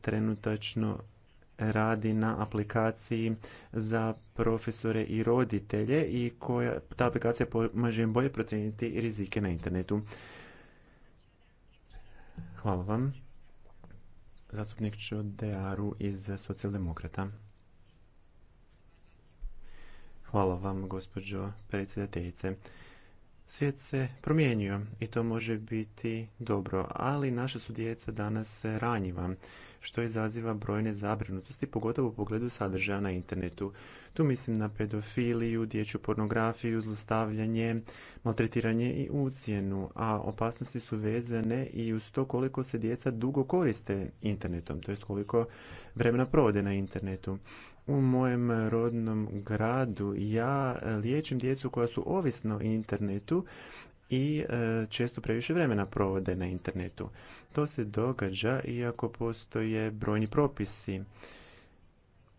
trenutačno radi na aplikaciji za profesore i roditelje i koja, ta aplikacija pomaže im bolje procijeniti rizike na internetu. Hvala vam. Zastupnik Čudearu iz socijaldemokrata. Hvala vam, gospođo predsjedateljice. Svijet se promijenio i to može biti dobro, ali naša su djeca danas ranjiva što izaziva brojne zabrinutosti, pogotovo u pogledu sadržaja na internetu. Tu mislim na pedofiliju, dječju pornografiju, zlostavljanje, maltretiranje i ucjenu, a opasnosti su vezane i uz to koliko se djeca dugo koriste internetom, to jest koliko vremena provode na internetu. U mojem rodnom gradu ja liječim djecu koja su ovisna o internetu i e, često previše vremena provode na internetu. To se događa iako postoje brojni propisi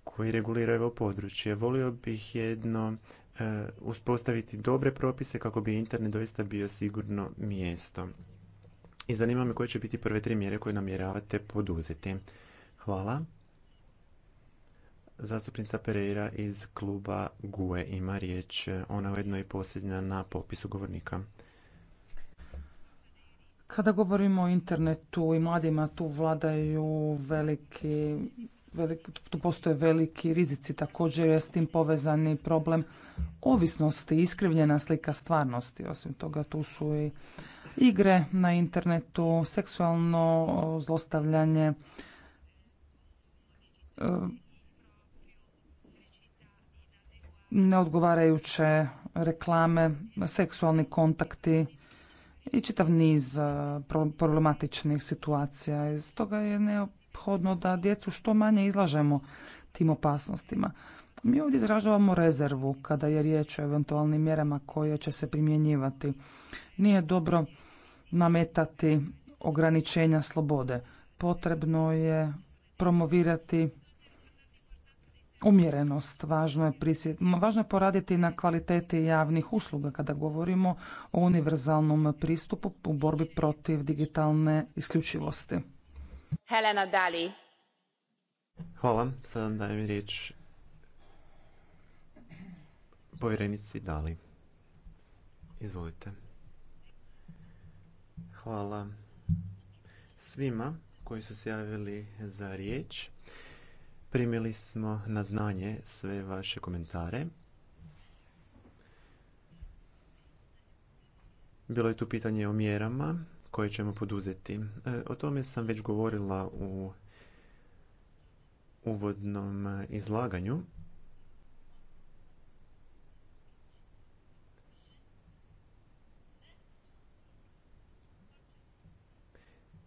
koji reguliraju ovo područje. Volio bih jedno e, uspostaviti dobre propise kako bi internet doista bio sigurno mjesto. I zanima me koje će biti prve tri mjere koje namjeravate poduzeti. Hvala. Zastupnica Pereira iz kluba GUE ima riječ. Ona ujedno i posljednja na popisu govornika. Kada govorimo o internetu i mladima, tu vladaju veliki, veliki, tu postoje veliki rizici. Također je s tim povezani problem ovisnosti, iskrivljena slika stvarnosti. Osim toga, tu su i igre na internetu, seksualno zlostavljanje, e, neodgovarajuće reklame, seksualni kontakti, i čitav niz e, problematičnih situacija. I stoga je neophodno da djecu što manje izlažemo tim opasnostima. Mi ovdje izražavamo rezervu kada je riječ o eventualnim mjerama koje će se primjenjivati. Nije dobro nametati ograničenja slobode. Potrebno je promovirati umjerenost. Važno je, prisjet, važno je poraditi na kvaliteti javnih usluga kada govorimo o univerzalnom pristupu u borbi protiv digitalne isključivosti. Helena Dali. Hvala. Sada dajem riječ povjerenici Dali. Izvolite. Hvala svima koji su se javili za riječ. Primili smo na znanje sve vaše komentare. Bilo je tu pitanje o mjerama koje ćemo poduzeti. E, o tome sam već govorila u uvodnom izlaganju.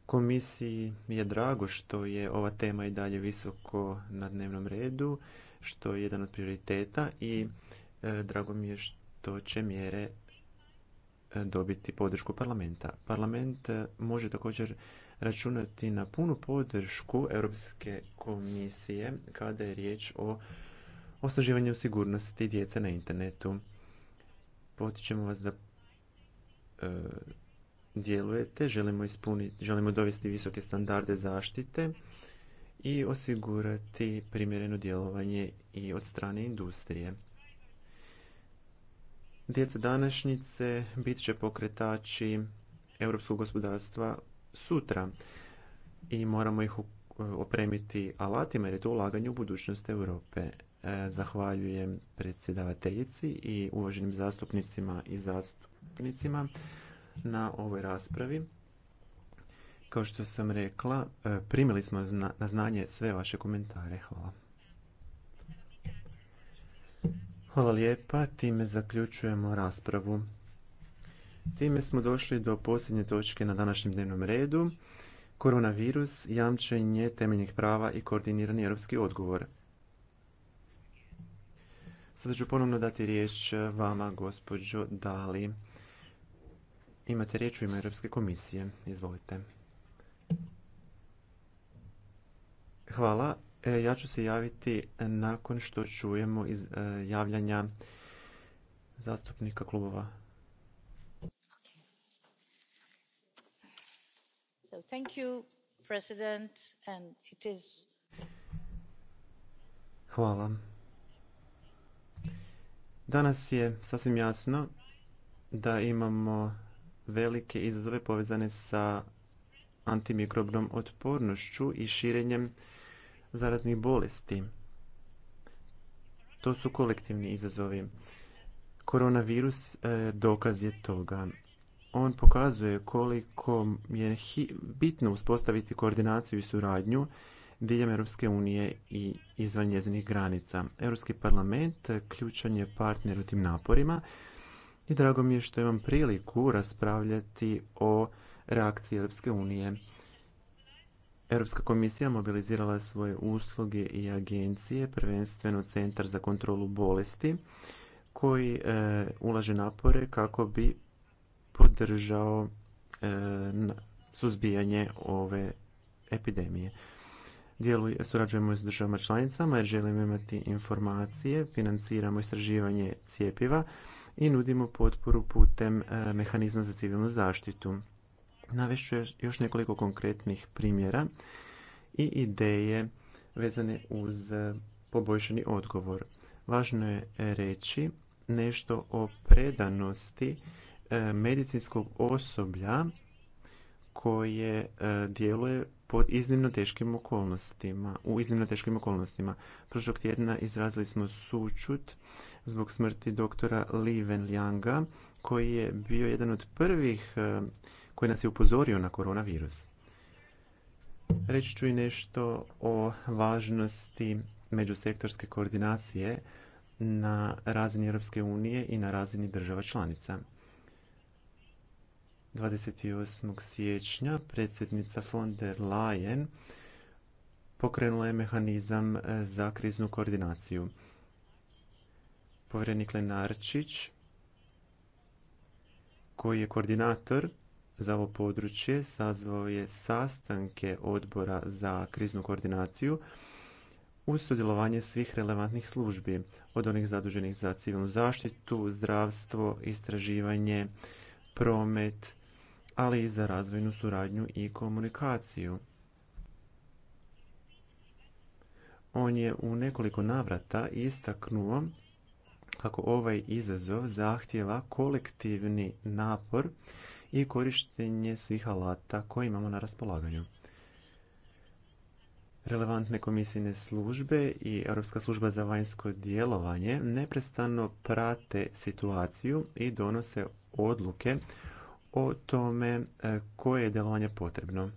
Komisiji mi je drago što je ova tema i dalje visoko na dnevnom redu, što je jedan od prioriteta i e, drago mi je što će mjere e, dobiti podršku parlamenta. Parlament e, može također računati na punu podršku Europske komisije kada je riječ o osnaživanju sigurnosti djece na internetu. Potičemo vas da djelujete, želimo ispuniti, želimo dovesti visoke standarde zaštite i osigurati primjereno djelovanje i od strane industrije. Djeca današnjice bit će pokretači europskog gospodarstva sutra i moramo ih opremiti alatima jer je to ulaganje u budućnost Europe. E, zahvaljujem predsjedavateljici i uvaženim zastupnicima i zastupnicima na ovoj raspravi. Kao što sam rekla, e, primili smo na znanje sve vaše komentare. Hvala. Hvala lijepa, time zaključujemo raspravu. Time smo došli do posljednje točke na današnjem dnevnom redu. Koronavirus, jamčenje temeljnih prava i koordinirani europski odgovor. Sada ću ponovno dati riječ vama, gospođo Dali. Imate riječ u ime Europske komisije. Izvolite. Hvala. E, ja ću se javiti nakon što čujemo iz e, javljanja zastupnika klubova. Hvala. Danas je sasvim jasno da imamo velike izazove povezane sa antimikrobnom otpornošću i širenjem zaraznih bolesti. To su kolektivni izazovi. Koronavirus e, dokaz je toga. On pokazuje koliko je bitno uspostaviti koordinaciju i suradnju diljem Europske unije i izvan njezinih granica. Europski parlament ključan je partner u tim naporima i drago mi je što imam priliku raspravljati o reakciji Europske unije. Europska komisija mobilizirala svoje usluge i agencije, prvenstveno Centar za kontrolu bolesti, koji e, ulaže napore kako bi podržao e, suzbijanje ove epidemije. Djeluje, surađujemo s državama članicama jer želimo imati informacije, financiramo istraživanje cijepiva, i nudimo potporu putem e, mehanizma za civilnu zaštitu. Navešću još nekoliko konkretnih primjera i ideje vezane uz e, poboljšani odgovor. Važno je reći nešto o predanosti e, medicinskog osoblja koje e, djeluje pod iznimno teškim okolnostima, u iznimno teškim okolnostima. Prošlog tjedna izrazili smo sučut zbog smrti doktora Li Wenlianga, koji je bio jedan od prvih e, koji nas je upozorio na koronavirus. Reći ću i nešto o važnosti međusektorske koordinacije na razini Europske unije i na razini država članica. 28. siječnja predsjednica von der pokrenula je mehanizam e, za kriznu koordinaciju. Povjerenik Lenarčić, koji je koordinator za ovo područje, sazvao je sastanke odbora za kriznu koordinaciju uz sudjelovanje svih relevantnih službi, od onih zaduženih za civilnu zaštitu, zdravstvo, istraživanje, promet, ali i za razvojnu suradnju i komunikaciju. On je u nekoliko navrata istaknuo kako ovaj izazov zahtjeva kolektivni napor i korištenje svih alata koje imamo na raspolaganju. Relevantne komisijne službe i Europska služba za vanjsko djelovanje neprestano prate situaciju i donose odluke o tome e, koje je djelovanje potrebno.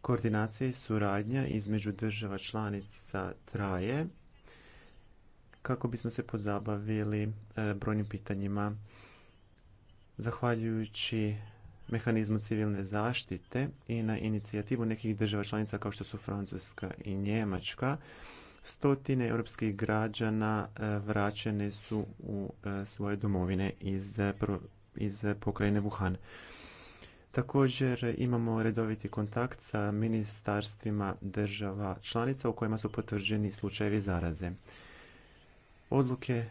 Koordinacija i suradnja između država članica traje kako bismo se pozabavili e, brojnim pitanjima zahvaljujući mehanizmu civilne zaštite i na inicijativu nekih država članica kao što su Francuska i Njemačka. Stotine europskih građana e, vraćene su u svoje domovine iz iz eh, pokrajine Wuhan. Također eh, imamo redoviti kontakt sa ministarstvima država članica u kojima su potvrđeni slučajevi zaraze. Odluke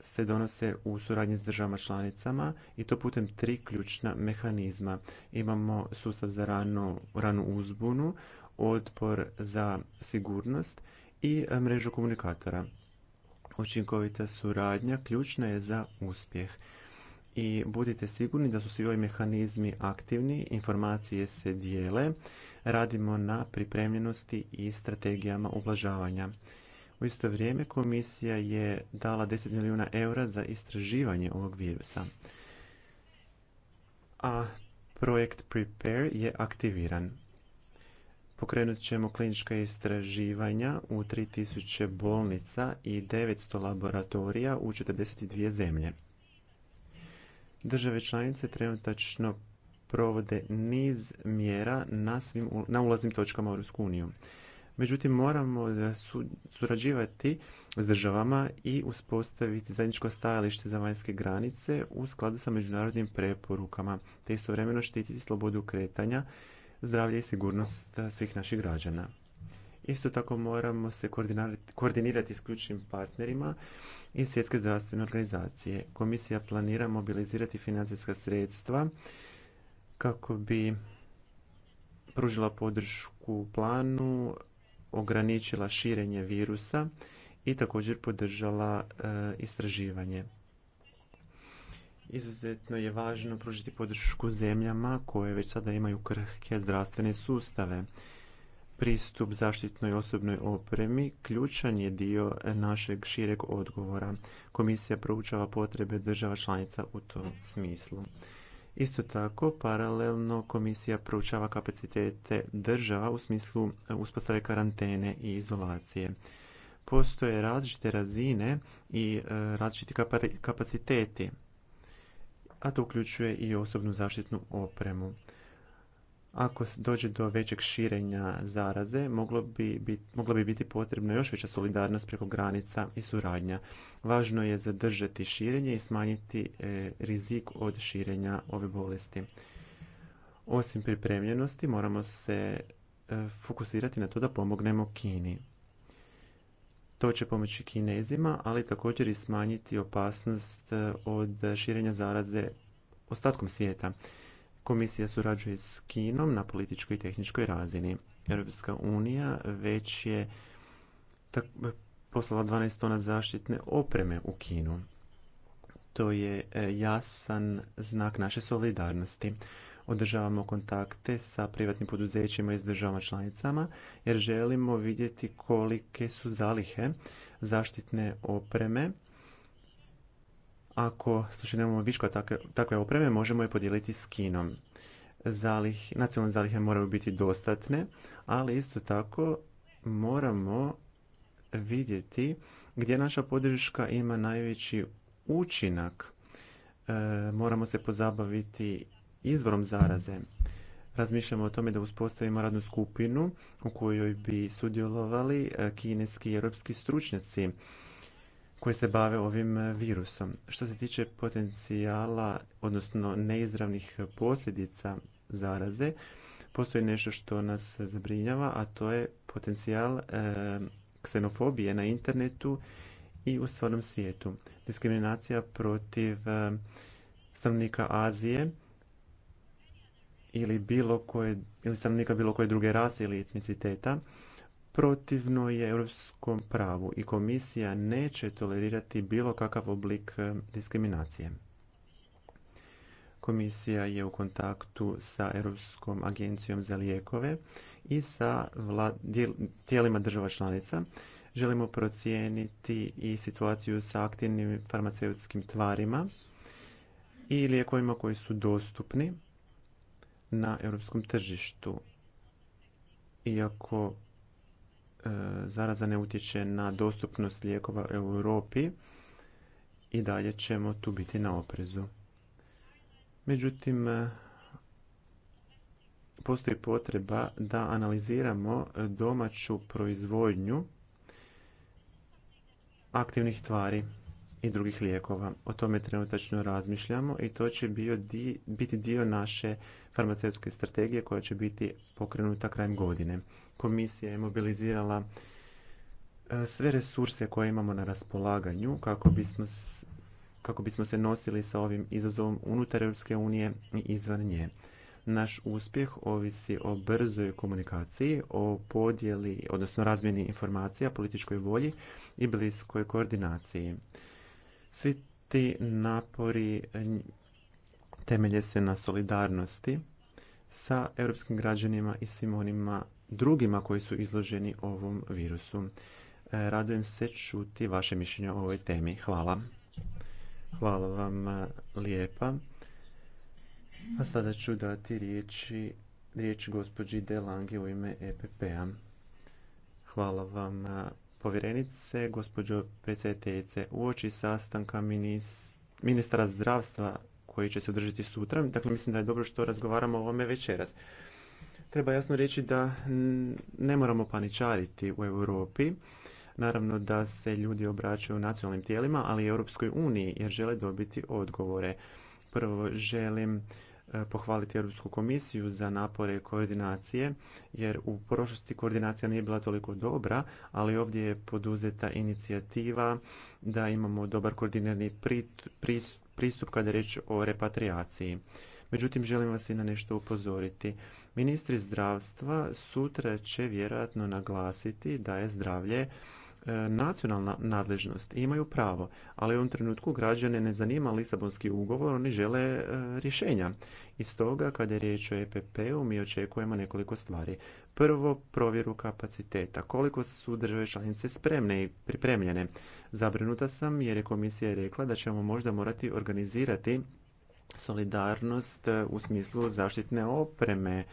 se donose u suradnji s državama članicama i to putem tri ključna mehanizma. Imamo sustav za ranu, ranu uzbunu, odpor za sigurnost i eh, mrežu komunikatora. Učinkovita suradnja ključna je za uspjeh i budite sigurni da su svi ovi mehanizmi aktivni, informacije se dijele, radimo na pripremljenosti i strategijama ublažavanja. U isto vrijeme komisija je dala 10 milijuna eura za istraživanje ovog virusa. A projekt Prepare je aktiviran. Pokrenut ćemo klinička istraživanja u 3000 bolnica i 900 laboratorija u 42 zemlje. Države članice trenutačno provode niz mjera na, na ulaznim točkama u Europsku uniju. Međutim, moramo surađivati s državama i uspostaviti zajedničko stajalište za vanjske granice u skladu sa međunarodnim preporukama, te istovremeno štititi slobodu kretanja, zdravlje i sigurnost svih naših građana. Isto tako moramo se koordinirati s ključnim partnerima i Svjetske zdravstvene organizacije. Komisija planira mobilizirati financijska sredstva kako bi pružila podršku planu, ograničila širenje virusa i također podržala e, istraživanje. Izuzetno je važno pružiti podršku zemljama koje već sada imaju krhke zdravstvene sustave pristup zaštitnoj osobnoj opremi ključan je dio našeg šireg odgovora. Komisija proučava potrebe država članica u tom smislu. Isto tako, paralelno komisija proučava kapacitete država u smislu uspostave karantene i izolacije. Postoje različite razine i e, različiti kapaciteti, a to uključuje i osobnu zaštitnu opremu. Ako dođe do većeg širenja zaraze, moglo bi mogla bi biti potrebna još veća solidarnost preko granica i suradnja. Važno je zadržati širenje i smanjiti e, rizik od širenja ove bolesti. Osim pripremljenosti, moramo se e, fokusirati na to da pomognemo Kini. To će pomoći Kinezima, ali također i smanjiti opasnost e, od širenja zaraze ostatkom svijeta. Komisija surađuje s Kinom na političkoj i tehničkoj razini. Europska unija već je poslala 12 tona zaštitne opreme u Kinu. To je e, jasan znak naše solidarnosti. Održavamo kontakte sa privatnim poduzećima iz državama članicama jer želimo vidjeti kolike su zalihe zaštitne opreme ako slučajno nemamo viška takve, opreme, možemo je podijeliti s Kinom. nacionalne zalihe moraju biti dostatne, ali isto tako moramo vidjeti gdje naša podrška ima najveći učinak. E, moramo se pozabaviti izvorom zaraze. Razmišljamo o tome da uspostavimo radnu skupinu u kojoj bi sudjelovali e, kineski i europski stručnjaci koje se bave ovim e, virusom. Što se tiče potencijala, odnosno neizravnih posljedica zaraze, postoji nešto što nas zabrinjava, a to je potencijal e, ksenofobije na internetu i u stvarnom svijetu. Diskriminacija protiv e, stanovnika Azije ili, bilo koje, ili stanovnika bilo koje druge rase ili etniciteta protivno je europskom pravu i komisija neće tolerirati bilo kakav oblik e, diskriminacije. Komisija je u kontaktu sa Europskom agencijom za lijekove i sa tijelima država članica. Želimo procijeniti i situaciju sa aktivnim farmaceutskim tvarima i lijekovima koji su dostupni na europskom tržištu. Iako zaraza ne utječe na dostupnost lijekova u Europi i dalje ćemo tu biti na oprezu. Međutim, postoji potreba da analiziramo domaću proizvodnju aktivnih tvari i drugih lijekova. O tome trenutačno razmišljamo i to će bio biti dio naše farmaceutske strategije koja će biti pokrenuta krajem godine komisija je mobilizirala e, sve resurse koje imamo na raspolaganju kako bismo, se nosili sa ovim izazovom unutar Europske unije i izvan nje. Naš uspjeh ovisi o brzoj komunikaciji, o podjeli, odnosno razmjeni informacija, političkoj volji i bliskoj koordinaciji. Svi ti napori temelje se na solidarnosti sa europskim građanima i svim onima drugima koji su izloženi ovom virusu. E, radujem se čuti vaše mišljenje o ovoj temi. Hvala. Hvala vam e, lijepa. A sada ću dati riječi, riječ gospođi Lange u ime EPP-a. Hvala vam e, povjerenice, gospođo predsjedateljice. Uoči sastanka ministra zdravstva koji će se održati sutra. Dakle, mislim da je dobro što razgovaramo o ovome večeras. Treba jasno reći da ne moramo paničariti u Europi. Naravno da se ljudi obraćaju nacionalnim tijelima, ali i Europskoj uniji jer žele dobiti odgovore. Prvo želim e, pohvaliti Europsku komisiju za napore koordinacije, jer u prošlosti koordinacija nije bila toliko dobra, ali ovdje je poduzeta inicijativa da imamo dobar koordinirani pristup kada je o repatriaciji. Međutim, želim vas i na nešto upozoriti. Ministri zdravstva sutra će vjerojatno naglasiti da je zdravlje e, nacionalna nadležnost imaju pravo, ali u ovom trenutku građane ne zanima Lisabonski ugovor, oni žele e, rješenja. Iz toga, kada je riječ o EPP-u, mi očekujemo nekoliko stvari. Prvo, provjeru kapaciteta. Koliko su države članice spremne i pripremljene? Zabrinuta sam jer je komisija rekla da ćemo možda morati organizirati solidarnost e, u smislu zaštitne opreme.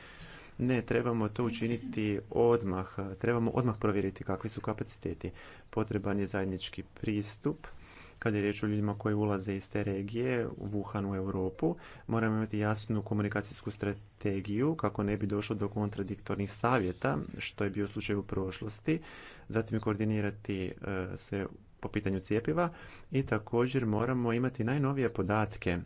Ne, trebamo to učiniti odmah. Trebamo odmah provjeriti kakvi su kapaciteti. Potreban je zajednički pristup. Kad je riječ o ljudima koji ulaze iz te regije, Wuhan u Europu, moramo imati jasnu komunikacijsku strategiju kako ne bi došlo do kontradiktornih savjeta, što je bio slučaj u prošlosti. Zatim koordinirati e, se po pitanju cijepiva i također moramo imati najnovije podatke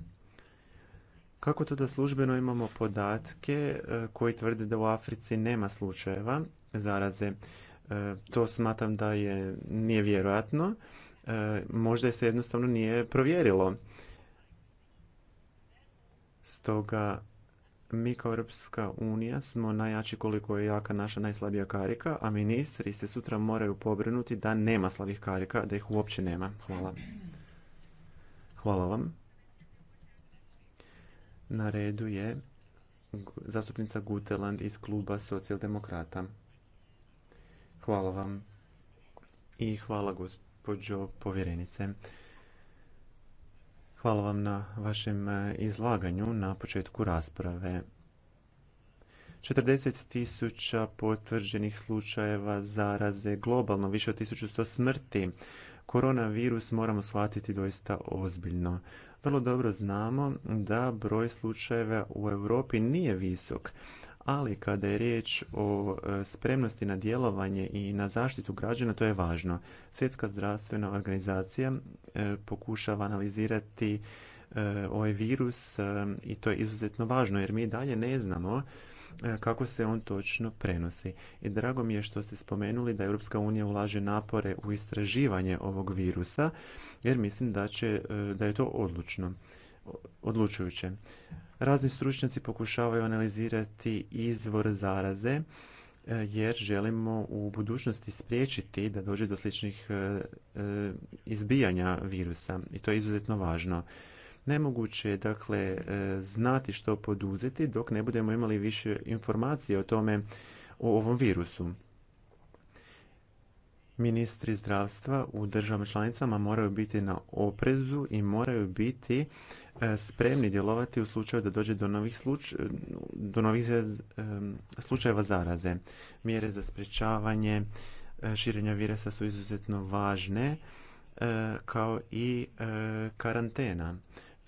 kako to da službeno imamo podatke e, koji tvrde da u Africi nema slučajeva zaraze? E, to smatram da je, nije vjerojatno. E, možda se jednostavno nije provjerilo. Stoga mi kao Europska unija smo najjači koliko je jaka naša najslabija karika, a ministri se sutra moraju pobrinuti da nema slabih karika, da ih uopće nema. Hvala. Hvala vam. Na redu je zastupnica Guteland iz kluba socijaldemokrata. Hvala vam i hvala gospođo povjerenice. Hvala vam na vašem e, izlaganju na početku rasprave. 40.000 tisuća potvrđenih slučajeva zaraze globalno, više od 1100 smrti. Koronavirus moramo shvatiti doista ozbiljno vrlo dobro znamo da broj slučajeva u Europi nije visok, ali kada je riječ o e, spremnosti na djelovanje i na zaštitu građana, to je važno. Svjetska zdravstvena organizacija e, pokušava analizirati e, ovaj virus i to je izuzetno važno jer mi dalje ne znamo E, kako se on točno prenosi. I drago mi je što ste spomenuli da Europska unija ulaže napore u istraživanje ovog virusa, jer mislim da, će, e, da je to odlučno, odlučujuće. Razni stručnjaci pokušavaju analizirati izvor zaraze, e, jer želimo u budućnosti spriječiti da dođe do sličnih izbijanja virusa i to je izuzetno važno. Nemoguće je dakle e, znati što poduzeti dok ne budemo imali više informacije o tome o ovom virusu. Ministri zdravstva u državama članicama moraju biti na oprezu i moraju biti e, spremni djelovati u slučaju da dođe do novih, sluč... do novih e, slučajeva zaraze. Mjere za sprječavanje širenja virusa su izuzetno važne kao i karantena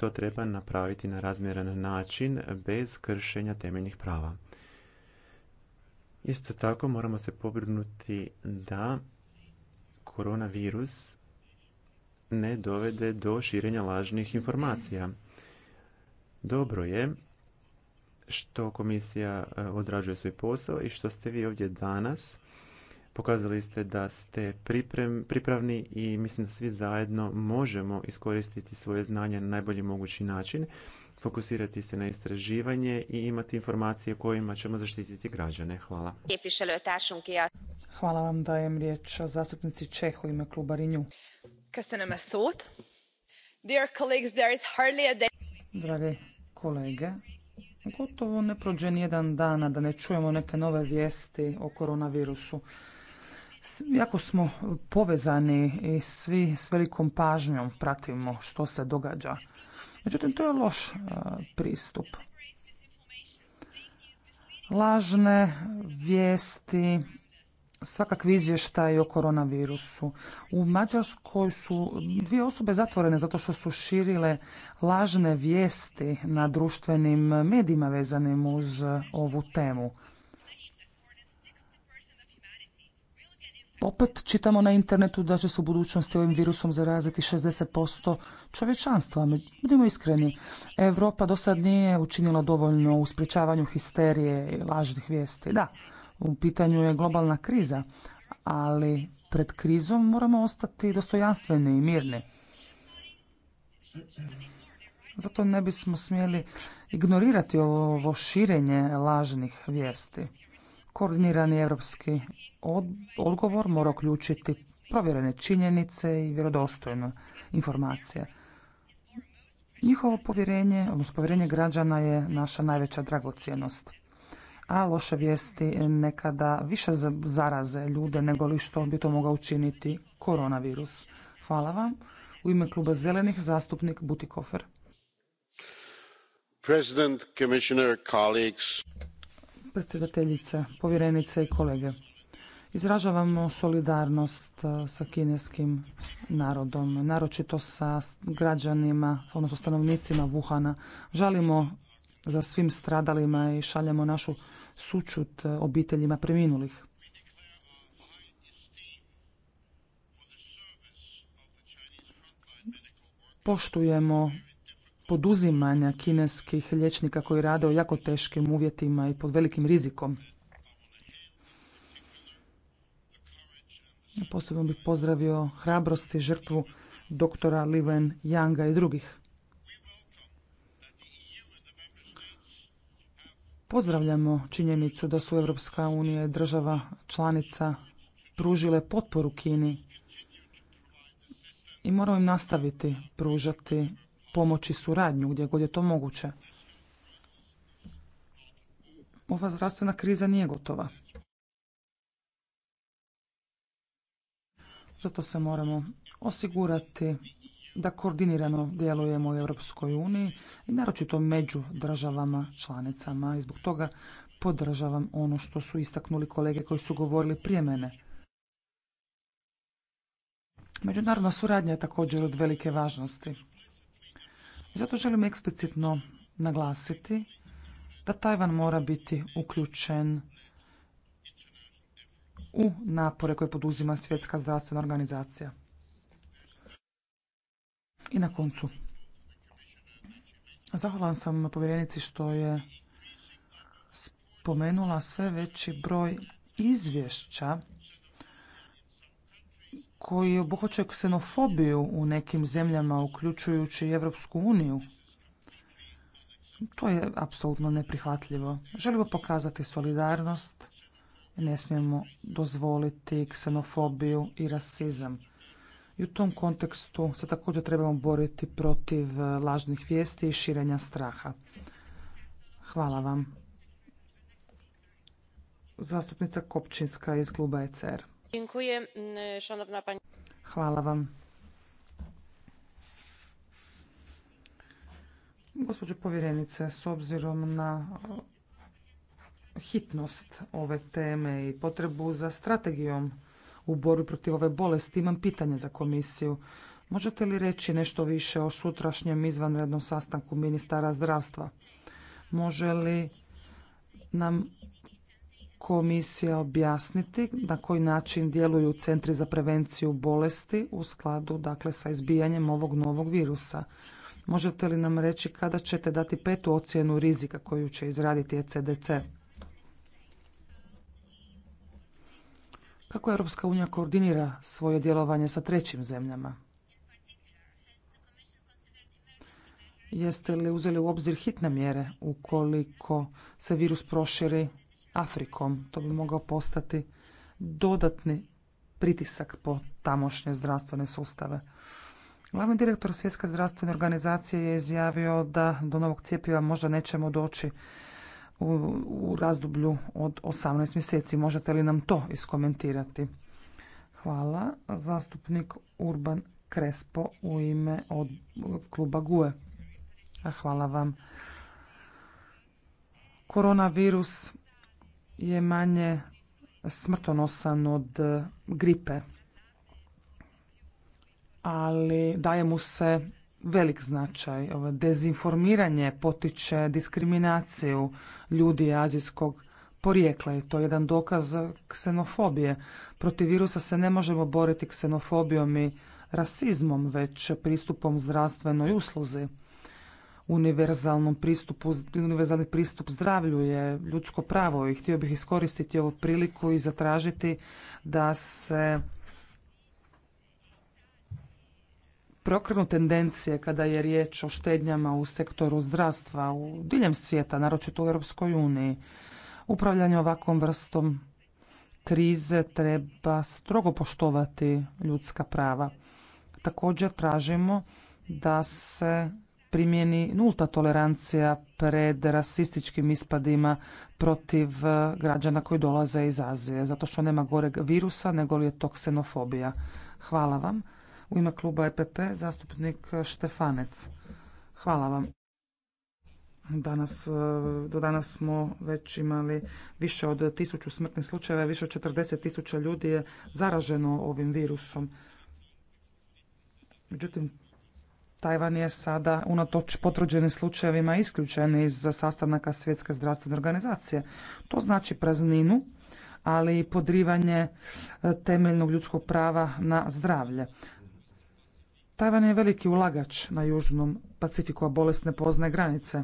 to treba napraviti na razmjeran način bez kršenja temeljnih prava. Isto tako moramo se pobrinuti da koronavirus ne dovede do širenja lažnih informacija. Dobro je što komisija e, odrađuje svoj posao i što ste vi ovdje danas Pokazali ste da ste pripravni i mislim da svi zajedno možemo iskoristiti svoje znanje na najbolji mogući način, fokusirati se na istraživanje i imati informacije kojima ćemo zaštititi građane. Hvala. Hvala vam dajem riječ zastupnici Čehu u ime kluba Rinju. Drage kolege, gotovo ne prođe nijedan dana da ne čujemo neke nove vijesti o koronavirusu. Jako smo povezani i svi s velikom pažnjom pratimo što se događa. Međutim, to je loš e, pristup. Lažne vijesti, svakakvi izvještaji o koronavirusu. U Mađarskoj su dvije osobe zatvorene zato što su širile lažne vijesti na društvenim medijima vezanim uz ovu temu. Opet čitamo na internetu da će se u budućnosti ovim virusom zaraziti 60% čovječanstva. Budimo iskreni, Europa do sad nije učinila dovoljno u spričavanju histerije i lažnih vijesti. Da, u pitanju je globalna kriza, ali pred krizom moramo ostati dostojanstveni i mirni. Zato ne bismo smjeli ignorirati ovo širenje lažnih vijesti. Koordinirani europski odgovor mora uključiti provjerene činjenice i vjerodostojne informacije. Njihovo povjerenje, odnosno povjerenje građana je naša najveća dragocjenost. A loše vijesti nekada više zaraze ljude nego li što bi to mogao učiniti koronavirus. Hvala vam. U ime kluba Zelenih zastupnik Butikofer. President, predsjedateljice, povjerenice i kolege. Izražavamo solidarnost e, sa kineskim narodom, naročito sa građanima, odnosno stanovnicima Wuhana. Žalimo za svim stradalima i šaljemo našu sućut e, obiteljima preminulih. Poštujemo poduzimanja kineskih liječnika koji rade u jako teškim uvjetima i pod velikim rizikom. Posebno bih pozdravio hrabrost i žrtvu doktora Wen Yanga i drugih. Pozdravljamo činjenicu da su EU unija i država članica pružile potporu Kini i moramo im nastaviti pružati pomoći suradnju gdje god je to moguće. Ova zdravstvena kriza nije gotova. Zato se moramo osigurati da koordinirano djelujemo u Europskoj uniji i naročito među državama članicama i zbog toga podržavam ono što su istaknuli kolege koji su govorili prije mene. Međunarodna suradnja je također od velike važnosti. Zato želim eksplicitno naglasiti da Tajvan mora biti uključen u napore koje poduzima Svjetska zdravstvena organizacija. I na koncu. Zahvalan sam povjerenici što je spomenula sve veći broj izvješća koji obuhvaćaju ksenofobiju u nekim zemljama, uključujući Evropsku uniju. To je apsolutno neprihvatljivo. Želimo pokazati solidarnost, ne smijemo dozvoliti ksenofobiju i rasizam. I u tom kontekstu se također trebamo boriti protiv e, lažnih vijesti i širenja straha. Hvala vam. Zastupnica Kopčinska iz kluba ECR. Hvala vam. Gospođo povjerenice, s obzirom na hitnost ove teme i potrebu za strategijom u borbi protiv ove bolesti, imam pitanje za komisiju. Možete li reći nešto više o sutrašnjem izvanrednom sastanku ministara zdravstva? Može li nam komisija objasniti na koji način djeluju centri za prevenciju bolesti u skladu dakle sa izbijanjem ovog novog virusa? Možete li nam reći kada ćete dati petu ocjenu rizika koju će izraditi ECDC? Kako Europska unija koordinira svoje djelovanje sa trećim zemljama? Jeste li uzeli u obzir hitne mjere ukoliko se virus proširi Afrikom. To bi mogao postati dodatni pritisak po tamošnje zdravstvene sustave. Glavni direktor Svjetske zdravstvene organizacije je izjavio da do novog cjepiva možda nećemo doći u, u razdoblju od 18 mjeseci. Možete li nam to iskomentirati? Hvala. Zastupnik Urban Krespo u ime od kluba GUE. Hvala vam. Koronavirus je manje smrtonosan od e, gripe, ali daje mu se velik značaj. dezinformiranje potiče diskriminaciju ljudi azijskog porijekla i to je jedan dokaz ksenofobije. Protiv virusa se ne možemo boriti ksenofobijom i rasizmom, već pristupom zdravstvenoj usluzi univerzalnom pristupu, univerzalni pristup zdravlju je ljudsko pravo i htio bih iskoristiti ovu priliku i zatražiti da se prokrenu tendencije kada je riječ o štednjama u sektoru zdravstva u diljem svijeta, naročito u Europskoj uniji. Upravljanje ovakvom vrstom krize treba strogo poštovati ljudska prava. Također tražimo da se primjeni nulta tolerancija pred rasističkim ispadima protiv eh, građana koji dolaze iz Azije, zato što nema goreg virusa nego li je to Hvala vam. U ime kluba EPP zastupnik Štefanec. Hvala vam. Danas, eh, do danas smo već imali više od tisuću smrtnih slučajeva, više od 40 tisuća ljudi je zaraženo ovim virusom. Međutim, Tajvan je sada, unatoč potvrđenim slučajevima, isključen iz sastanaka Svjetske zdravstvene organizacije. To znači prazninu, ali i podrivanje e, temeljnog ljudskog prava na zdravlje. Tajvan je veliki ulagač na Južnom Pacifiku, a bolest ne poznaje granice.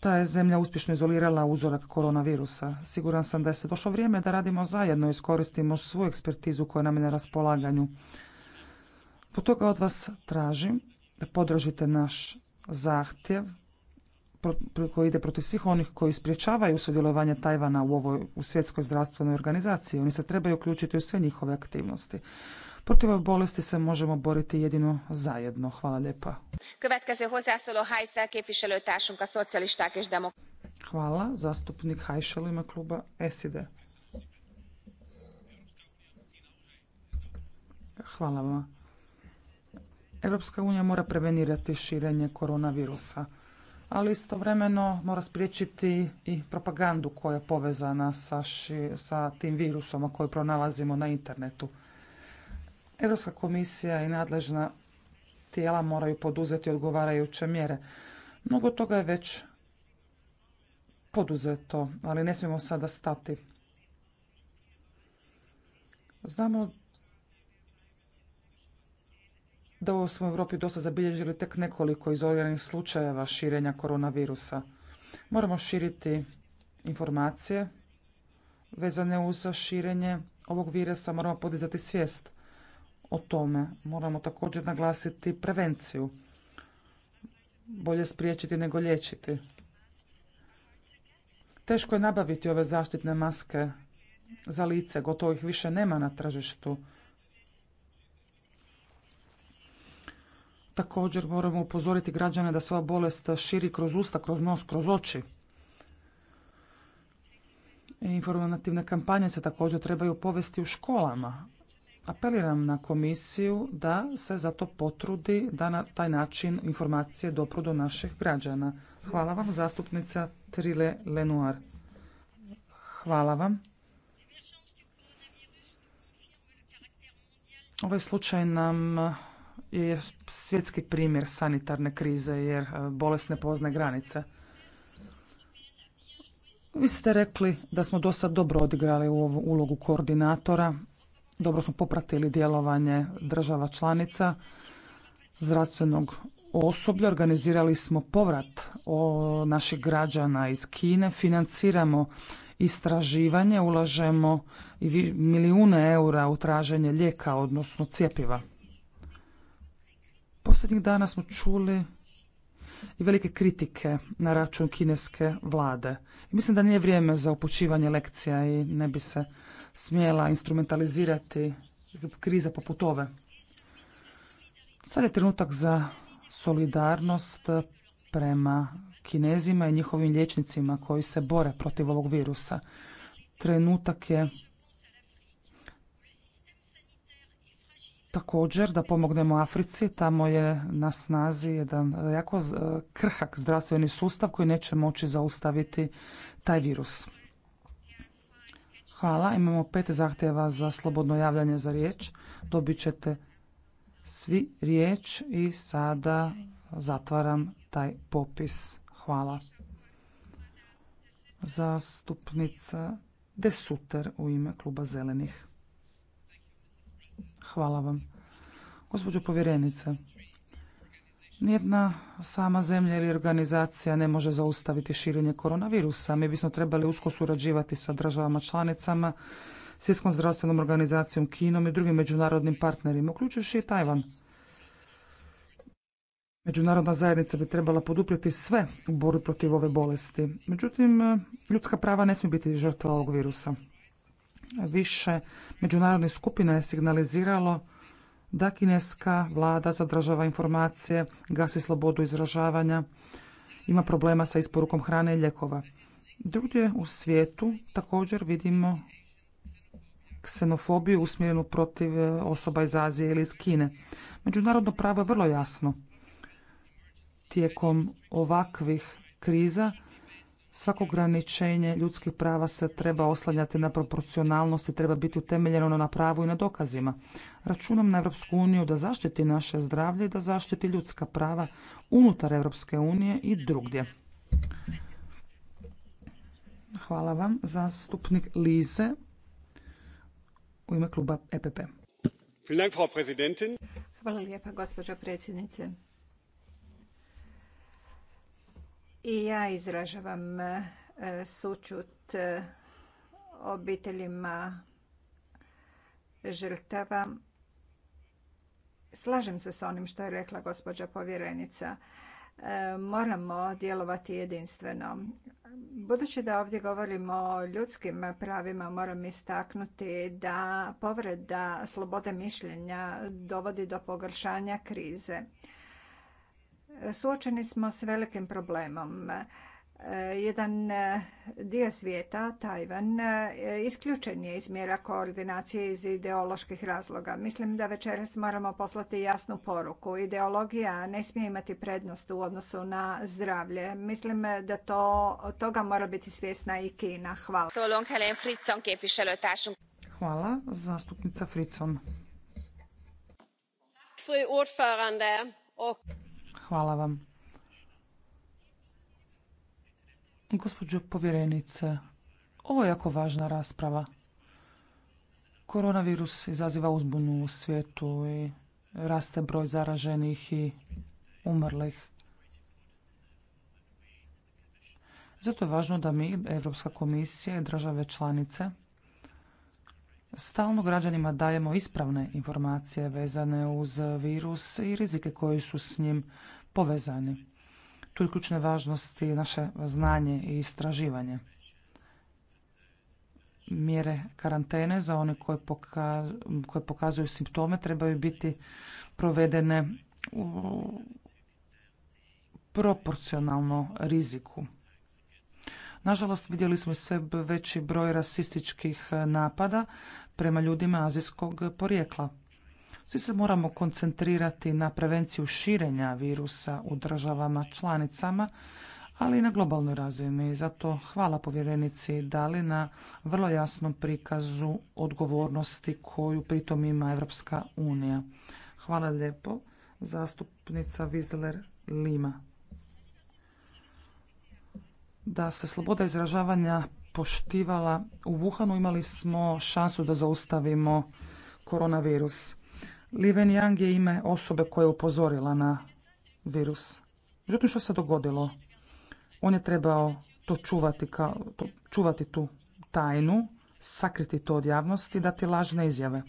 Ta je zemlja uspješno izolirala uzorak koronavirusa. Siguran sam da je se došlo vrijeme da radimo zajedno i iskoristimo svu ekspertizu koja nam je na raspolaganju. Zbog toga od vas tražim da podržite naš zahtjev koji ide protiv svih onih koji sprječavaju sudjelovanje Tajvana u ovoj u svjetskoj zdravstvenoj organizaciji. Oni se trebaju uključiti u sve njihove aktivnosti. Protiv ove bolesti se možemo boriti jedino zajedno. Hvala lijepa. Hvala. Zastupnik Hajšel ima kluba SID. Hvala vam. Europska unija mora prevenirati širenje koronavirusa, ali istovremeno mora spriječiti i propagandu koja je povezana sa, sa tim virusom koji pronalazimo na internetu. Europska komisija i nadležna tijela moraju poduzeti odgovarajuće mjere. Mnogo toga je već poduzeto, ali ne smijemo sada stati. Znamo da smo u Europi dosta zabilježili tek nekoliko izoliranih slučajeva širenja koronavirusa. Moramo širiti informacije vezane uz širenje ovog virusa, moramo podizati svijest o tome. Moramo također naglasiti prevenciju. Bolje spriječiti nego liječiti. Teško je nabaviti ove zaštitne maske za lice, gotovo ih više nema na tržištu. Također moramo upozoriti građane da se ova bolest širi kroz usta, kroz nos, kroz oči. Informativne kampanje se također trebaju povesti u školama. Apeliram na komisiju da se za to potrudi da na taj način informacije dopru do naših građana. Hvala vam, zastupnica Trile Lenoir. Hvala vam. Ovaj slučaj nam je svjetski primjer sanitarne krize jer e, bolest ne poznaje granice. Vi ste rekli da smo do sad dobro odigrali ovu ulogu koordinatora, dobro smo popratili djelovanje država članica, zdravstvenog osoblja, organizirali smo povrat o naših građana iz Kine, financiramo istraživanje, ulažemo i milijune eura u traženje lijeka, odnosno cjepiva. Posljednjih dana smo čuli i velike kritike na račun kineske vlade. I mislim da nije vrijeme za upućivanje lekcija i ne bi se smjela instrumentalizirati kriza poput ove. Sad je trenutak za solidarnost prema kinezima i njihovim liječnicima koji se bore protiv ovog virusa. Trenutak je također da pomognemo Africi. Tamo je na snazi jedan e, jako e, krhak zdravstveni sustav koji neće moći zaustaviti taj virus. Hvala. Imamo pet zahtjeva za slobodno javljanje za riječ. Dobit ćete svi riječ i sada zatvaram taj popis. Hvala. Zastupnica Desuter u ime kluba Zelenih. Hvala vam. Gospođo povjerenice, nijedna sama zemlja ili organizacija ne može zaustaviti širenje koronavirusa. Mi bismo trebali usko surađivati sa državama članicama, Svjetskom zdravstvenom organizacijom, Kinom i drugim međunarodnim partnerima, uključujući i Tajvan. Međunarodna zajednica bi trebala poduprijeti sve u borbi protiv ove bolesti. Međutim, ljudska prava ne smiju biti žrtva ovog virusa. Više međunarodnih skupina je signaliziralo da kineska vlada zadržava informacije, gasi slobodu izražavanja, ima problema sa isporukom hrane i ljekova. Drugdje u svijetu također vidimo ksenofobiju usmjerenu protiv e, osoba iz Azije ili iz Kine. Međunarodno pravo je vrlo jasno. Tijekom ovakvih kriza Svako ograničenje ljudskih prava se treba oslanjati na proporcionalnost i treba biti utemeljeno na pravu i na dokazima. Računam na Europsku uniju da zaštiti naše zdravlje i da zaštiti ljudska prava unutar Europske unije i drugdje. Hvala vam. Zastupnik Lize u ime kluba EPP. Hvala lijepa, gospođo predsjednice. I ja izražavam e, sučut e, obiteljima žrtava. Slažem se s onim što je rekla gospođa povjerenica. E, moramo djelovati jedinstveno. Budući da ovdje govorimo o ljudskim pravima, moram istaknuti da povreda slobode mišljenja dovodi do pogoršanja krize. Suočeni smo s velikim problemom. E, jedan e, dio svijeta, Tajvan, e, isključen je iz mjera koordinacije iz ideoloških razloga. Mislim da večeras moramo poslati jasnu poruku. Ideologija ne smije imati prednost u odnosu na zdravlje. Mislim da to, toga mora biti svjesna i Kina. Hvala. Hvala. Zastupnica Fritzon. Hvala vam. Gospođo povjerenice, ovo je jako važna rasprava. Koronavirus izaziva uzbunu u svijetu i raste broj zaraženih i umrlih. Zato je važno da mi, Europska komisija i države članice, stalno građanima dajemo ispravne informacije vezane uz virus i rizike koji su s njim povezani. Tu je ključne važnosti naše znanje i istraživanje. Mjere karantene za one koje, koje pokazuju simptome trebaju biti provedene u proporcionalno riziku. Nažalost, vidjeli smo sve veći broj rasističkih napada prema ljudima azijskog porijekla. Svi se moramo koncentrirati na prevenciju širenja virusa u državama članicama, ali i na globalnoj razini. Zato hvala povjerenici Dali na vrlo jasnom prikazu odgovornosti koju pritom ima Evropska unija. Hvala lijepo, zastupnica Vizler Lima. Da se sloboda izražavanja poštivala u Wuhanu imali smo šansu da zaustavimo koronavirus. Liven Yang je ime osobe koja je upozorila na virus. Međutim, što se dogodilo? On je trebao to čuvati, to, čuvati tu tajnu, sakriti to od javnosti, dati lažne izjave.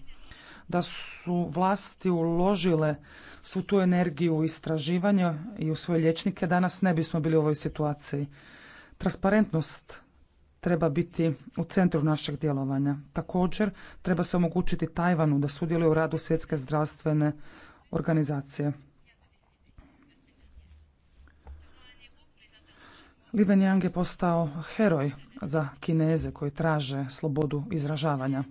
Da su vlasti uložile svu tu energiju u istraživanje i u svoje liječnike, danas ne bismo bili u ovoj situaciji. Transparentnost treba biti u centru našeg djelovanja. Također, treba se omogućiti Tajvanu da sudjeluje u radu svjetske zdravstvene organizacije. Li Wenjang je postao heroj za Kineze koji traže slobodu izražavanja.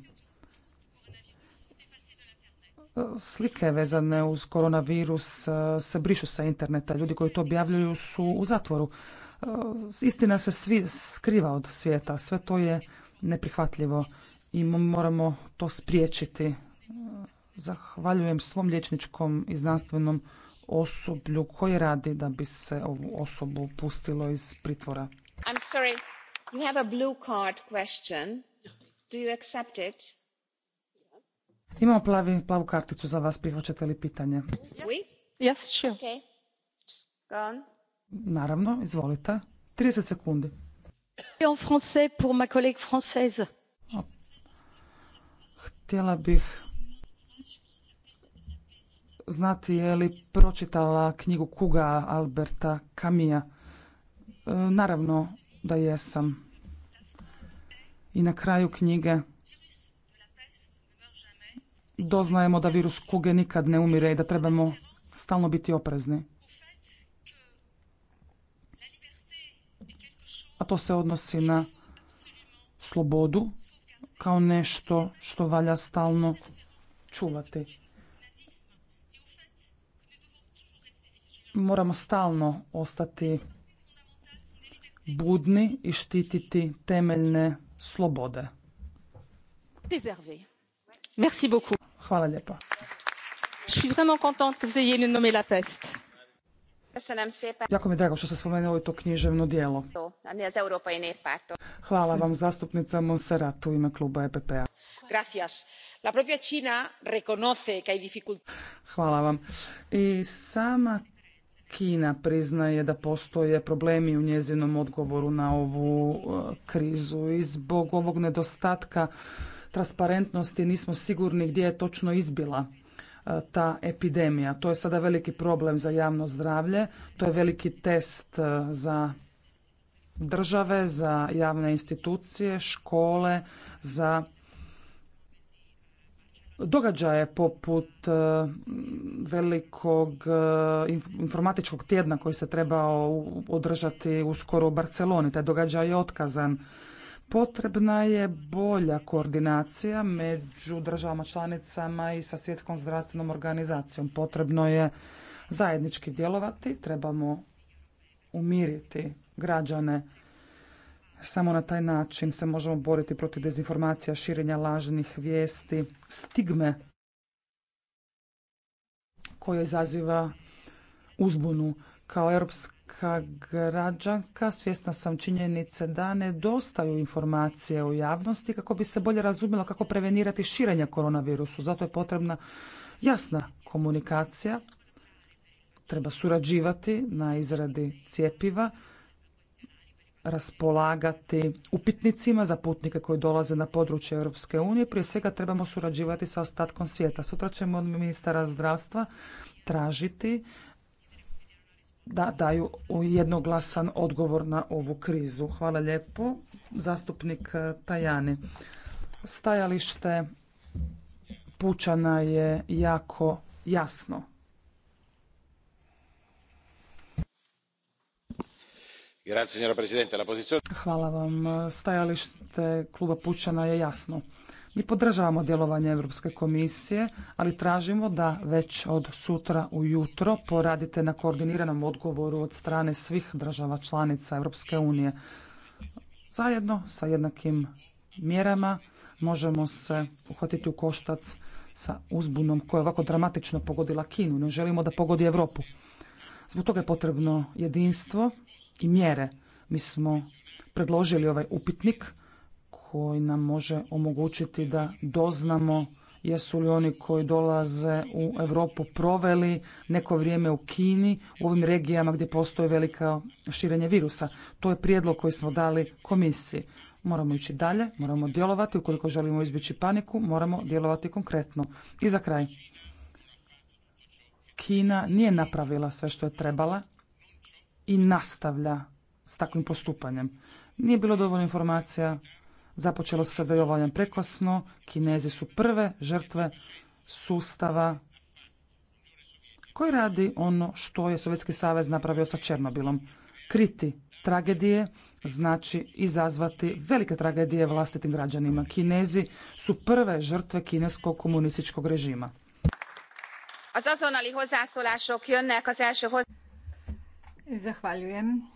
Slike vezane uz koronavirus e, se brišu sa interneta. Ljudi koji to objavljuju su u zatvoru. Eh, istina se svi skriva od svijeta. Sve to je neprihvatljivo i moramo to spriječiti. Eh, zahvaljujem svom liječničkom i znanstvenom osoblju koji radi da bi se ovu osobu pustilo iz pritvora. I'm sorry. You have a blue card question. Do you accept it? Imamo plavi, plavu karticu za vas. Prihvaćate li pitanje? Yes, yes sure. Okay. Naravno, izvolite. 30 sekundi. En français pour ma collègue française. Htjela bih znati je li pročitala knjigu Kuga Alberta Kamija. E, naravno da jesam. I na kraju knjige doznajemo da virus kuge nikad ne umire i da trebamo stalno biti oprezni. a to se odnosi na slobodu kao nešto što valja stalno čuvati. Moramo stalno ostati budni i štititi temeljne slobode. Hvala lijepa. Je suis vraiment contente que vous ayez nommé la peste. Jako mi je drago što ste spomenuli to književno dijelo. Hvala vam zastupnica Monserrat u ime kluba EPP-a. Hvala vam. I sama Kina priznaje da postoje problemi u njezinom odgovoru na ovu e, krizu i zbog ovog nedostatka transparentnosti nismo sigurni gdje je točno izbila E, ta epidemija. To je sada veliki problem za javno zdravlje, to je veliki test e, za države, za javne institucije, škole, za događaje poput e, velikog informatičkog tjedna koji se trebao održati uskoro u Barceloni. Taj događaj je otkazan. Potrebna je bolja koordinacija među državama članicama i sa Svjetskom zdravstvenom organizacijom. Potrebno je zajednički djelovati, trebamo umiriti građane. Samo na taj način se možemo boriti protiv dezinformacija, širenja lažnih vijesti, stigme koje izaziva uzbunu. Kao europska hrvatska građanka svjesna sam činjenice da nedostaju informacije u javnosti kako bi se bolje razumjelo kako prevenirati širenje koronavirusu. Zato je potrebna jasna komunikacija, treba surađivati na izradi cjepiva, raspolagati upitnicima za putnike koji dolaze na područje Europske unije. Prije svega trebamo surađivati sa ostatkom svijeta. Sutra ćemo od ministara zdravstva tražiti da daju jednoglasan odgovor na ovu krizu. Hvala lijepo. Zastupnik eh, Tajani. Stajalište Pučana je jako jasno. Hvala vam. Stajalište kluba Pučana je jasno. Mi podržavamo djelovanje Europske komisije, ali tražimo da već od sutra ujutro poradite na koordiniranom odgovoru od strane svih država članica Europske unije. Zajedno sa jednakim mjerama možemo se uhvatiti u koštac sa uzbunom koja je ovako dramatično pogodila Kinu. Ne želimo da pogodi Europu. Zbog toga je potrebno jedinstvo i mjere. Mi smo predložili ovaj upitnik koji nam može omogućiti da doznamo jesu li oni koji dolaze u Europu proveli neko vrijeme u Kini, u ovim regijama gdje postoji velika širenje virusa. To je prijedlog koji smo dali komisiji. Moramo ići dalje, moramo djelovati, ukoliko želimo izbjeći paniku, moramo djelovati konkretno. I za kraj. Kina nije napravila sve što je trebala i nastavlja s takvim postupanjem. Nije bilo dovoljno informacija, Započelo se sa djelovanjem prekosno, Kinezi su prve žrtve sustava koji radi ono što je Sovjetski savez napravio sa Černobilom. Kriti tragedije znači izazvati velike tragedije vlastitim građanima. Kinezi su prve žrtve kineskog komunističkog režima. Zahvaljujem.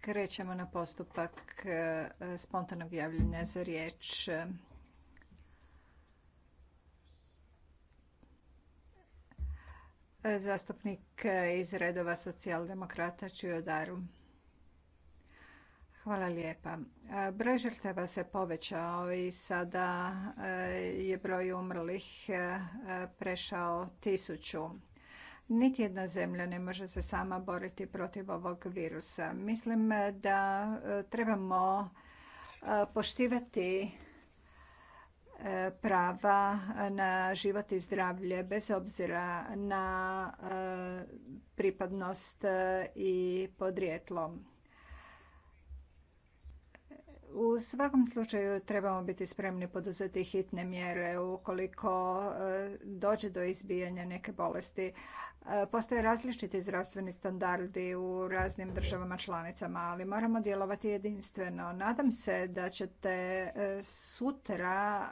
Krećemo na postupak e, spontanog javljanja za riječ. Zastupnik iz redova socijaldemokrata Čujodaru. Hvala lijepa. E, broj žrtava se povećao i sada e, je broj umrlih prešao tisuću. Niti jedna zemlja ne može se sama boriti protiv ovog virusa. Mislim e, da e, trebamo e, poštivati prava na život i zdravlje bez obzira na pripadnost i podrijetlo. U svakom slučaju trebamo biti spremni poduzeti hitne mjere ukoliko e, dođe do izbijanja neke bolesti. E, postoje različiti zdravstveni standardi u raznim državama članicama, ali moramo djelovati jedinstveno. Nadam se da ćete e, sutra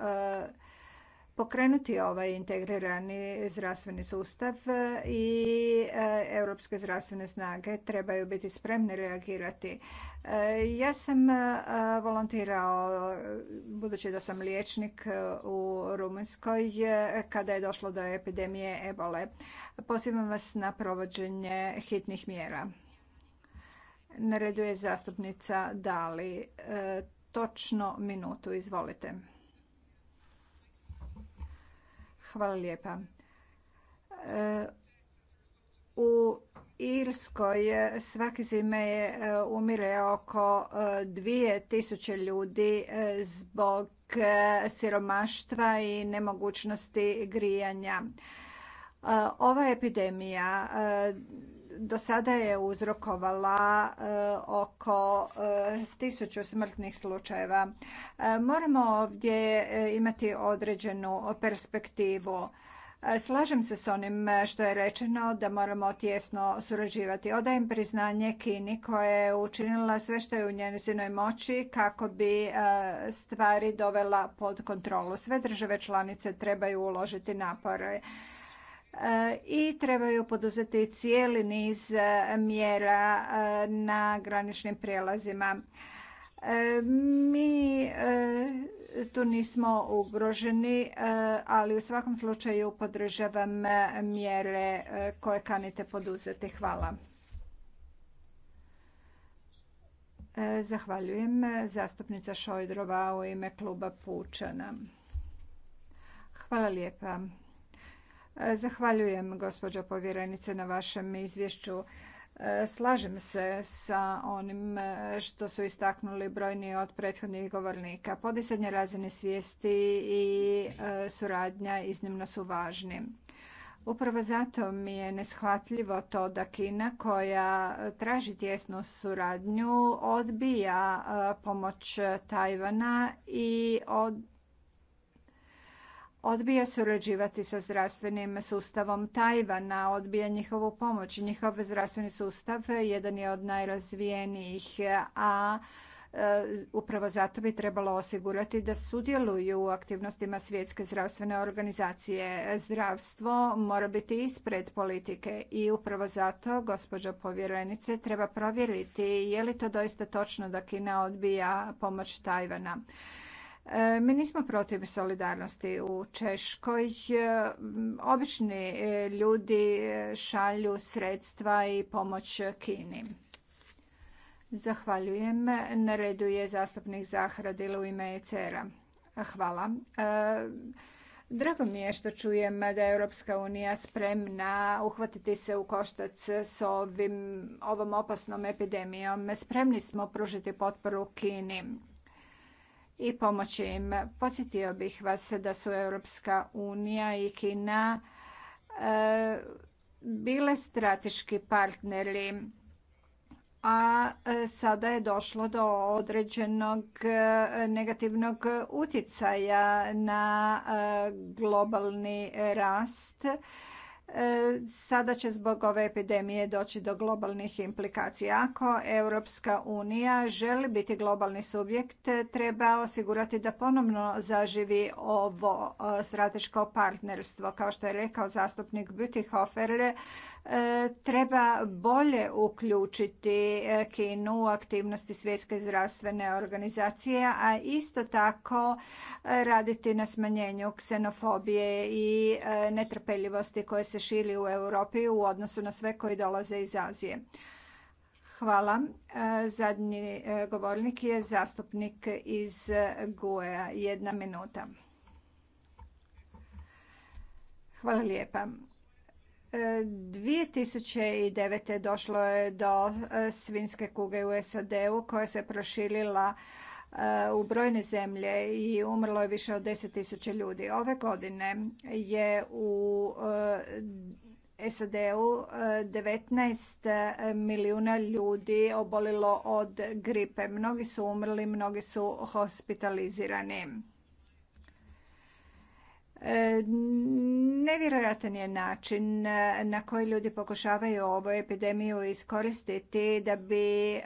pokrenuti ovaj integrirani zdravstveni sustav i e, europske zdravstvene snage trebaju biti spremne reagirati. E, ja sam e, volontirao, budući da sam liječnik u Rumunjskoj, kada je došlo do epidemije ebole. Pozivam vas na provođenje hitnih mjera. Na redu je zastupnica Dali. Točno minutu, izvolite. Hvala lijepa. E, u Irskoj svake zime je e, umire oko 2000 e, ljudi zbog siromaštva i nemogućnosti grijanja. Ova epidemija do sada je uzrokovala e, oko e, tisuću smrtnih slučajeva. E, moramo ovdje imati određenu perspektivu. Slažem se s onim što je rečeno da moramo tjesno surađivati. Odajem priznanje Kini koja je učinila sve što je u njezinoj moći kako bi stvari dovela pod kontrolu. Sve države članice trebaju uložiti napore i trebaju poduzeti cijeli niz e, mjera e, na graničnim prijelazima. E, mi tu nismo ugroženi, ali u svakom slučaju podržavam mjere koje kanite poduzeti. Hvala. Zahvaljujem. Zastupnica Šojdrova u ime kluba Pučana. Hvala lijepa. Zahvaljujem gospođo povjerenice na vašem izvješću. E, slažem se sa onim e, što su istaknuli brojni od prethodnih govornika. Podizanje razine svijesti i e, suradnja iznimno su važni. Upravo zato mi je neshvatljivo to da Kina koja traži tjesnu suradnju odbija pomoć Tajvana i od odbija surađivati sa zdravstvenim sustavom Tajvana, odbija njihovu pomoć. Njihov zdravstveni sustav jedan je od najrazvijenijih, a e, upravo zato bi trebalo osigurati da sudjeluju u aktivnostima svjetske zdravstvene organizacije. Zdravstvo mora biti ispred politike i upravo zato, gospođo povjerenice, treba provjeriti je li to doista točno da Kina odbija pomoć Tajvana. E, mi nismo protiv solidarnosti u Češkoj. E, obični e, ljudi šalju sredstva i pomoć Kini. Zahvaljujem. Na redu je zastupnik Zahradila u ime ECR-a. Hvala. Drago mi je što čujem da je Europska unija spremna uhvatiti se u koštac s ovim, ovom opasnom epidemijom. Spremni smo pružiti potporu Kini i pomoći im. Podsjetio bih vas da su Europska unija i Kina e, bile strateški partneri, a e, sada je došlo do određenog e, negativnog utjecaja na globalni rast sada će zbog ove epidemije doći do globalnih implikacija. Ako Europska unija želi biti globalni subjekt, treba osigurati da ponovno zaživi ovo e, strateško partnerstvo. Kao što je rekao zastupnik Butihofer, e, treba bolje uključiti e, Kinu u aktivnosti Svjetske zdravstvene organizacije, a isto tako raditi na smanjenju ksenofobije i netrpeljivosti koje se širi u Europi u odnosu na sve koji dolaze iz Azije. Hvala. E, zadnji e, govornik je zastupnik iz GUE-a. Jedna minuta. Hvala lijepa. 2009. E, došlo je do svinske kuge u SAD-u koja se proširila u brojne zemlje i umrlo je više od 10.000 ljudi. Ove godine je u eh, SAD-u 19 eh, milijuna ljudi obolilo od gripe. Mnogi su umrli, mnogi su hospitalizirani. Eh, nevjerojatan je način na koji ljudi pokušavaju ovu epidemiju iskoristiti da bi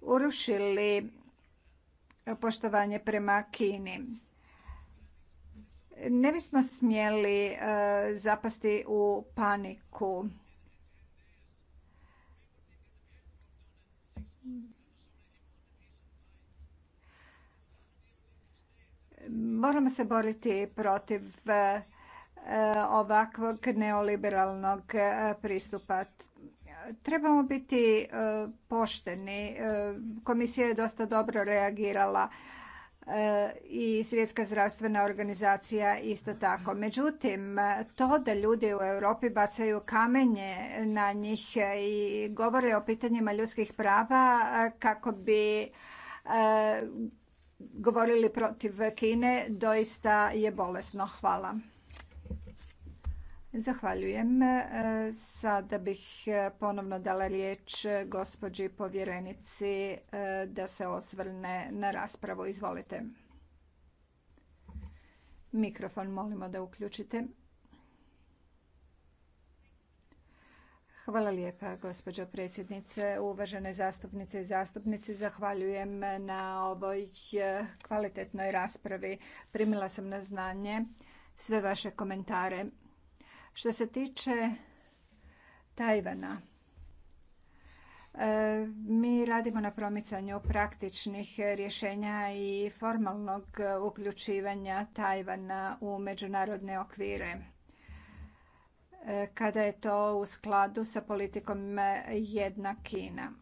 urušili poštovanje prema Kini. Ne bismo smjeli e, zapasti u paniku. Moramo se boriti protiv e, ovakvog neoliberalnog e, pristupa. Trebamo biti e, pošteni. E, komisija je dosta dobro reagirala e, i Svjetska zdravstvena organizacija isto tako. Međutim, to da ljudi u Europi bacaju kamenje na njih i govore o pitanjima ljudskih prava kako bi govorili protiv Kine doista je bolesno. Hvala. Zahvaljujem. E, sada bih e, ponovno dala riječ e, gospođi povjerenici da se osvrne na raspravu. Izvolite. Mikrofon molimo da uključite. Hvala lijepa, gospođo predsjednice, uvažene zastupnice i zastupnici. Zahvaljujem na ovoj kvalitetnoj raspravi. Primila sam na znanje sve vaše komentare. Što se tiče Tajvana, e, mi radimo na promicanju praktičnih rješenja i formalnog uključivanja Tajvana u međunarodne okvire e, kada je to u skladu sa politikom e, jedna Kina.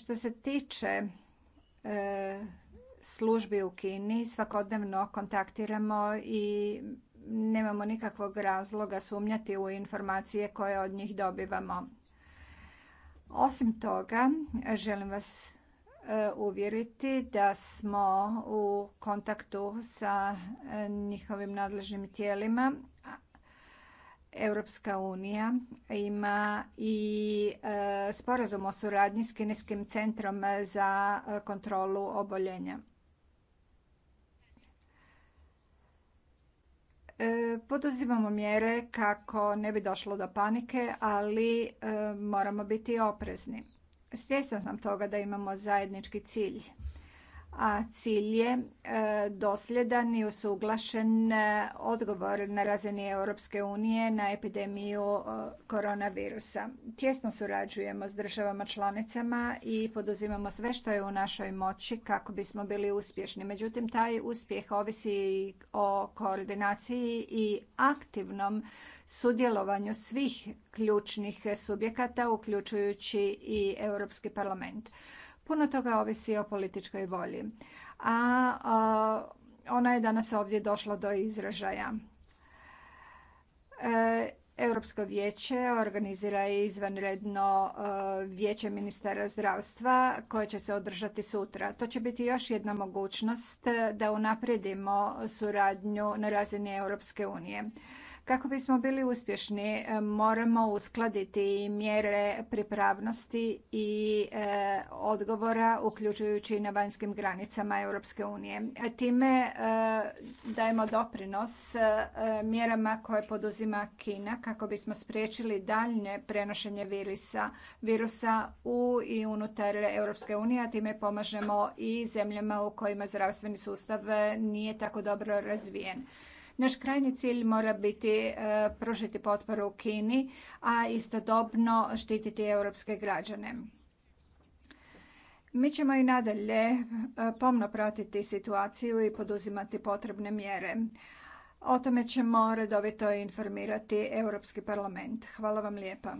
Što se tiče službi u Kini svakodnevno kontaktiramo i nemamo nikakvog razloga sumnjati u informacije koje od njih dobivamo. Osim toga, želim vas e, uvjeriti da smo u kontaktu sa e, njihovim nadležnim tijelima. Europska unija ima i e, sporazum o suradnji s Kineskim centrom za kontrolu oboljenja. E, poduzimamo mjere kako ne bi došlo do panike, ali e, moramo biti oprezni. Svjesna sam toga da imamo zajednički cilj a cilj je e, dosljedan i usuglašen e, odgovor na razini Europske unije na epidemiju e, koronavirusa. Tjesno surađujemo s državama članicama i poduzimamo sve što je u našoj moći kako bismo bili uspješni. Međutim, taj uspjeh ovisi o koordinaciji i aktivnom sudjelovanju svih ključnih subjekata, uključujući i Europski parlament. Puno toga ovisi o političkoj volji. A ona je danas ovdje došla do izražaja. E, Europsko vijeće organizira izvanredno e, vijeće ministara zdravstva koje će se održati sutra. To će biti još jedna mogućnost da unaprijedimo suradnju na razini Europske unije. Kako bismo bili uspješni, e, moramo uskladiti mjere pripravnosti i e, odgovora, uključujući na vanjskim granicama Europske unije. E, time dajemo doprinos mjerama koje poduzima Kina kako bismo spriječili daljnje prenošenje virusa, virusa u i unutar Europske unije, a time pomažemo i zemljama u kojima zdravstveni sustav nije tako dobro razvijen. Naš krajnji cilj mora biti e, pružiti potporu Kini, a istodobno štititi europske građane. Mi ćemo i nadalje e, pomno pratiti situaciju i poduzimati potrebne mjere. O tome ćemo redovito informirati Europski parlament. Hvala vam lijepa.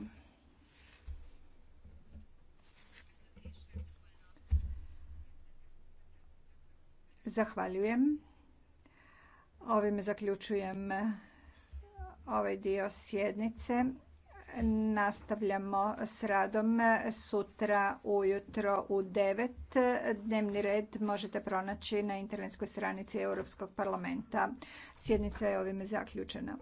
Zahvaljujem. Ovime zaključujem e, ovaj dio sjednice. Nastavljamo s radom e, sutra ujutro u 9. Dnevni red možete pronaći na internetskoj stranici Europskog parlamenta. Sjednica je ovime zaključena.